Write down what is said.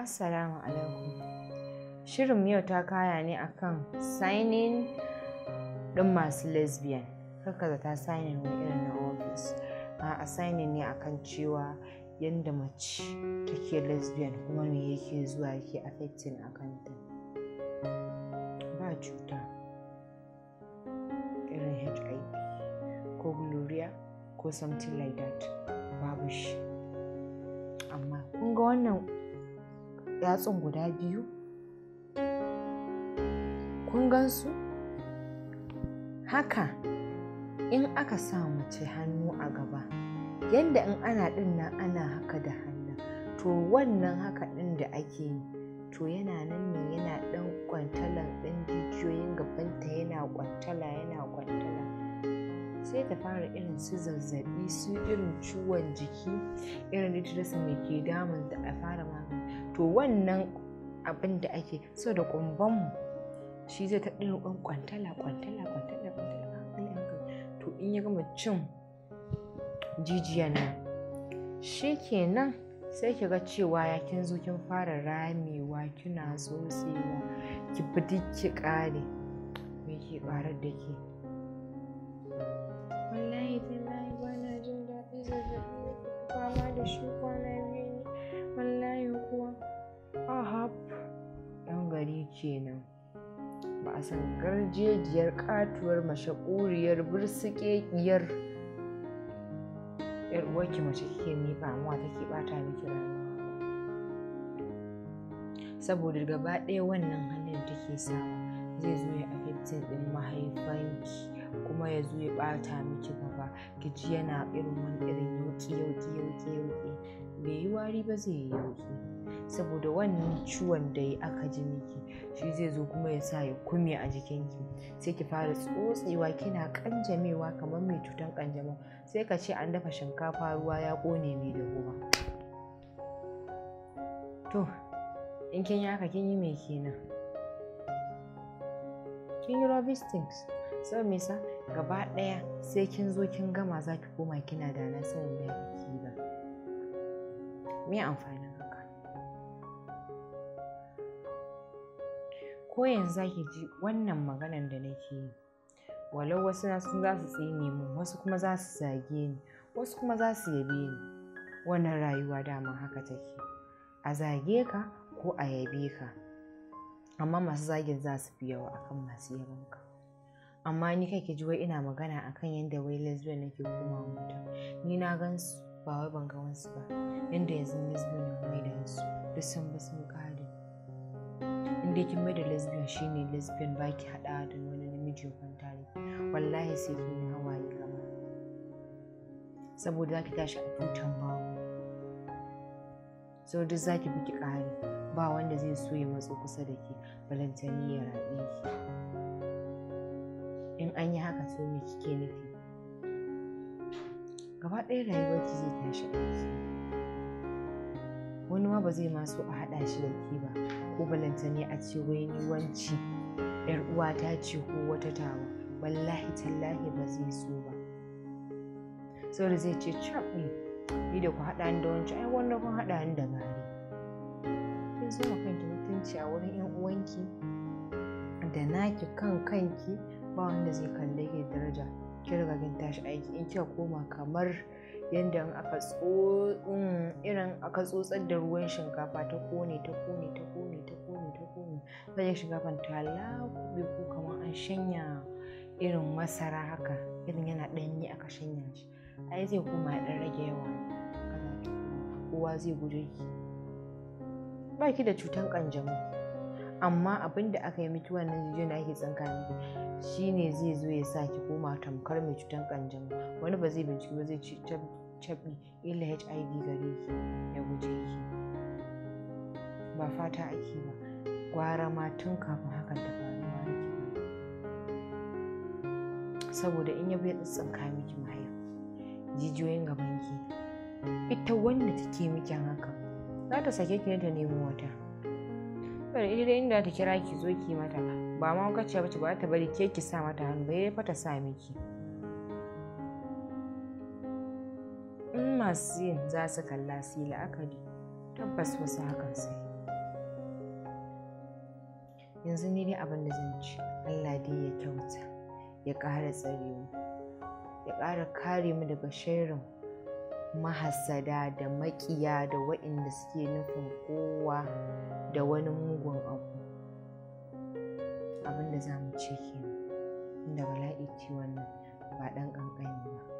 Assalamu alaikum. Shirin yau ta kaya ne akan signing ɗin masu lesbian. Kaka da ta signing mai irin na office. A signing ne akan cewa yadda mace take lesbian kuma me yake zuwa yake affecting a kanta. Ba cuta. Irin HIV ko gloria ko something like that. Babu shi. Amma kun ga wannan yatsun guda biyu kun gansu haka in aka sa mace hannu a gaba yadda in ana dinnan ana haka da hannu to wannan haka din da ake yi to yana nan ne yana dan kwantalan ɗin jijiyoyin gabanta yana kwantala yana kwantala sai ta fara irin su zazzabi su irin ciwon jiki irin rasa mai ke damun da a fara maka. to wannan abin da ake so da kumbanmu shi zai ta ɗin kwantala kwantala kwantala kwantala ah, to in ya gama cin jijiya nan shi kenan sai ki ga cewa ya kin zo kin fara ramewa kina tsewa ki bi ki ƙare me ke ƙarar da ke wallahi kenan ba a san garjejiyar katuwar mashakuriyar birsikekiyar yar mace kike miƙa muwa take bata miki rayuwa saboda gaba ɗaya wannan ta take samu zai zo ya affecting ɗin mahaifanki kuma ya zo ya bata miki gaba kiji yana irin wani irin yauki-yauki, yauki yauki bai yi wari ba zai yi yauki saboda wannan ciwon da aka ji miki shi zai zo kuma ya sa ya kume a jikinki sai ki fara tsotsewa kina kanjamewa kamar mai cutan kanjamau sai ka ce an dafa shinkafa ruwa ya kone mai da ruwa to in kin yaka kin yi mai kenan kin yi rubbish things sau me sa gaba ɗaya sai kin zo kin gama za ki koma kina da na sanin da ki ba me amfani ko yanzu za ji wannan maganan da nake yi walau wasu sun za su tsine mu wasu kuma za su zage ni wasu kuma za su yabe ni wannan rayuwa dama haka take a zage ka ko a yabe ka amma masu zagin za su fi yawa akan masu yabon ka amma ni kai ki ji wai ina magana akan yadda wai lesbian nake koma mutum ni na gan su ba wai ban ga wansu ba yadda yanzu lesbian na mai da su duk sun bi sun inda kin mai da lesbian shine lesbian ba ki hada da wani namiji kwanta ne wallahi sai kin yi hawaye gama saboda za ki tashi a tutan ba sau duk za ki bi ki ba wanda zai so ya matso kusa da ke balantani ya rabe ki in an yi haka so me kike nufi gaba ɗaya rayuwar ki zai tashi aiki wani ma ba zai ma a haɗa shi da ke ba ko balantane ne a ce wai ni wanci yar ta ce ko wata tawa wallahi tallahi ba zai so ba da zai ce cap ni da ku haɗa da wancan, ai wanda kun haɗa ni da gari kin zo ma kanki mutunci a wurin yan uwanki da naki kan kanki ba wanda zai kalle ki daraja kin riga kin tashi aiki in kika koma kamar yadda in aka mm, irin aka tsotsar da ruwan shinkafa ta kone ta kone ta kone ta kone ta kone sai kone ta labe ko kamar an shanya irin masara haka irin yana ɗanyi aka shanya shi ai zai koma ɗan rage yawa kowa zai guje ki ba ki da cutar ƙanjamau amma abin da aka yi miki wannan jijiyar da ake tsanka miki shine zai zo ya sa ki koma tamkar mai cutar ƙanjamau wani ba zai binciki ba zai ci cabɗi illa hiv gare ki ya guje ki ba fata ake ba gwara ma tun kafin hakan ta faru ma ki saboda in ya bai tsitsinka miki maya jijiyoyin gaban ki ita wanda take miki hakan za ta sake ki ta nemo wata bari ita inda ta kira ki zo ki mata ba ma kaciya bace ba ta bari ke ki sa mata hannu ba ya eh, fata sa miki in masu yin za su kalla su yi la'akari tabbas wasu hakan sai yanzu ne ne abin da zan ci allah dai ya kyauta ya kara tsare mu ya ƙara kare mu daga shirin mahasada da maƙiya da waɗanda suke nufin kowa da wani mugun abu abin da za mu ce kenan inda bala'i ciwon ba ɗan ƙanƙani ba